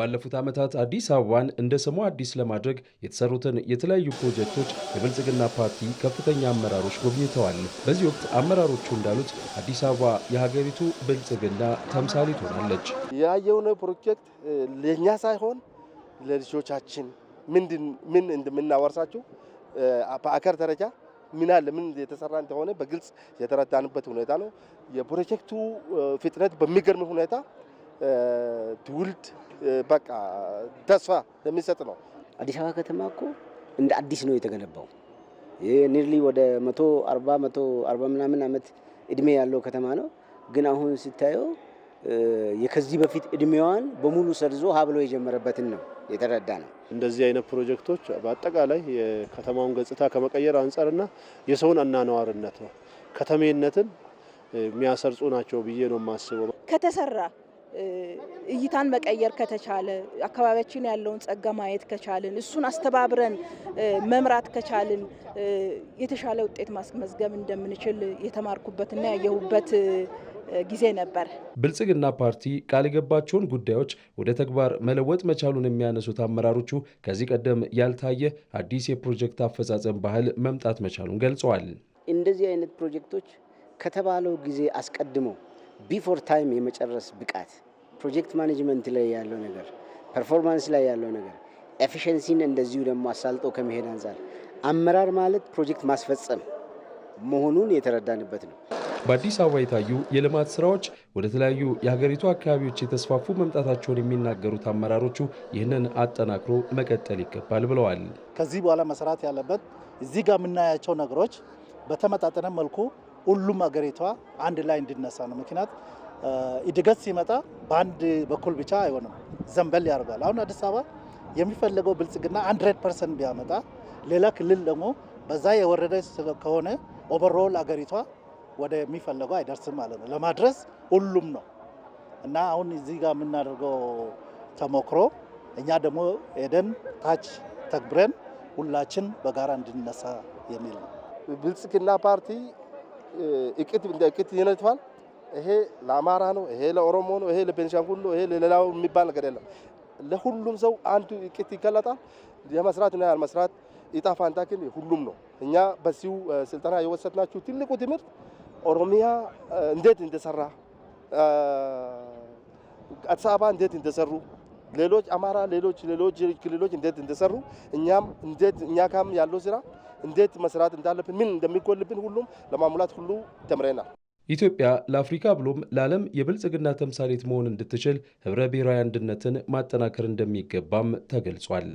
ባለፉት ዓመታት አዲስ አበባን እንደ ስሟ አዲስ ለማድረግ የተሰሩትን የተለያዩ ፕሮጀክቶች የብልጽግና ፓርቲ ከፍተኛ አመራሮች ጎብኝተዋል። በዚህ ወቅት አመራሮቹ እንዳሉት አዲስ አበባ የሀገሪቱ ብልጽግና ተምሳሌ ትሆናለች። ያየውነ ፕሮጀክት ለእኛ ሳይሆን ለልጆቻችን ምን እንደምናወርሳቸው በአካር ደረጃ ምን አለ ምን የተሰራ እንደሆነ በግልጽ የተረዳንበት ሁኔታ ነው። የፕሮጀክቱ ፍጥነት በሚገርም ሁኔታ ትውልድ በቃ ተስፋ የሚሰጥ ነው። አዲስ አበባ ከተማ እኮ እንደ አዲስ ነው የተገነባው። ኒርሊ ወደ መቶ አርባ መቶ አርባ ምናምን ዓመት እድሜ ያለው ከተማ ነው። ግን አሁን ስታየው የከዚህ በፊት እድሜዋን በሙሉ ሰርዞ ሀብሎ የጀመረበትን ነው የተረዳ ነው። እንደዚህ አይነት ፕሮጀክቶች በአጠቃላይ የከተማውን ገጽታ ከመቀየር አንጻርና የሰውን አናነዋርነት ነው ከተሜነትን የሚያሰርጹ ናቸው ብዬ ነው የማስበው ከተሰራ እይታን መቀየር ከተቻለ አካባቢያችን ያለውን ጸጋ ማየት ከቻልን እሱን አስተባብረን መምራት ከቻልን የተሻለ ውጤት ማስመዝገብ እንደምንችል የተማርኩበትና ያየሁበት ጊዜ ነበር። ብልጽግና ፓርቲ ቃል የገባቸውን ጉዳዮች ወደ ተግባር መለወጥ መቻሉን የሚያነሱት አመራሮቹ ከዚህ ቀደም ያልታየ አዲስ የፕሮጀክት አፈጻጸም ባህል መምጣት መቻሉን ገልጸዋል። እንደዚህ አይነት ፕሮጀክቶች ከተባለው ጊዜ አስቀድሞ ቢፎር ታይም የመጨረስ ብቃት፣ ፕሮጀክት ማኔጅመንት ላይ ያለው ነገር፣ ፐርፎርማንስ ላይ ያለው ነገር፣ ኤፊሽንሲን እንደዚሁ ደግሞ አሳልጦ ከመሄድ አንጻር አመራር ማለት ፕሮጀክት ማስፈጸም መሆኑን የተረዳንበት ነው። በአዲስ አበባ የታዩ የልማት ስራዎች ወደ ተለያዩ የሀገሪቱ አካባቢዎች የተስፋፉ መምጣታቸውን የሚናገሩት አመራሮቹ ይህንን አጠናክሮ መቀጠል ይገባል ብለዋል። ከዚህ በኋላ መሰራት ያለበት እዚህ ጋር የምናያቸው ነገሮች በተመጣጠነ መልኩ ሁሉም አገሪቷ አንድ ላይ እንድነሳ ነው። ምክንያት እድገት ሲመጣ በአንድ በኩል ብቻ አይሆንም፣ ዘንበል ያደርጋል። አሁን አዲስ አበባ የሚፈለገው ብልጽግና 100 ፐርሰንት ቢያመጣ ሌላ ክልል ደግሞ በዛ የወረደ ከሆነ ኦቨርኦል አገሪቷ ወደሚፈለገው አይደርስም ማለት ነው። ለማድረስ ሁሉም ነው እና አሁን እዚህ ጋር የምናደርገው ተሞክሮ እኛ ደግሞ ሄደን ታች ተግብረን ሁላችን በጋራ እንድንነሳ የሚል ነው። ብልጽግና ፓርቲ እቅድ እንደ እቅድ ይነድፋል። ይሄ ለአማራ ነው፣ ይሄ ለኦሮሞ ነው፣ ይሄ ለቤንሻንጉል ነው፣ ይሄ ለሌላው የሚባል ነገር የለም። ለሁሉም ሰው አንዱ እቅድ ይገለጣል። የመስራት እና ያልመስራት እጣ ፋንታ ግን ሁሉም ነው። እኛ በዚሁ ስልጠና የወሰድናችሁ ትልቁ ትምህርት ኦሮሚያ እንዴት እንደሰራ፣ አዲስ አበባ እንዴት እንደሰሩ፣ ሌሎች አማራ፣ ሌሎች ሌሎች ክልሎች እንዴት እንደሰሩ እኛም እንዴት እኛ ካም ያለው ስራ እንዴት መስራት እንዳለብን፣ ምን እንደሚጎልብን ሁሉም ለማሙላት ሁሉ ተምረናል። ኢትዮጵያ ለአፍሪካ ብሎም ለዓለም የብልጽግና ተምሳሌት መሆን እንድትችል ህብረ ብሔራዊ አንድነትን ማጠናከር እንደሚገባም ተገልጿል።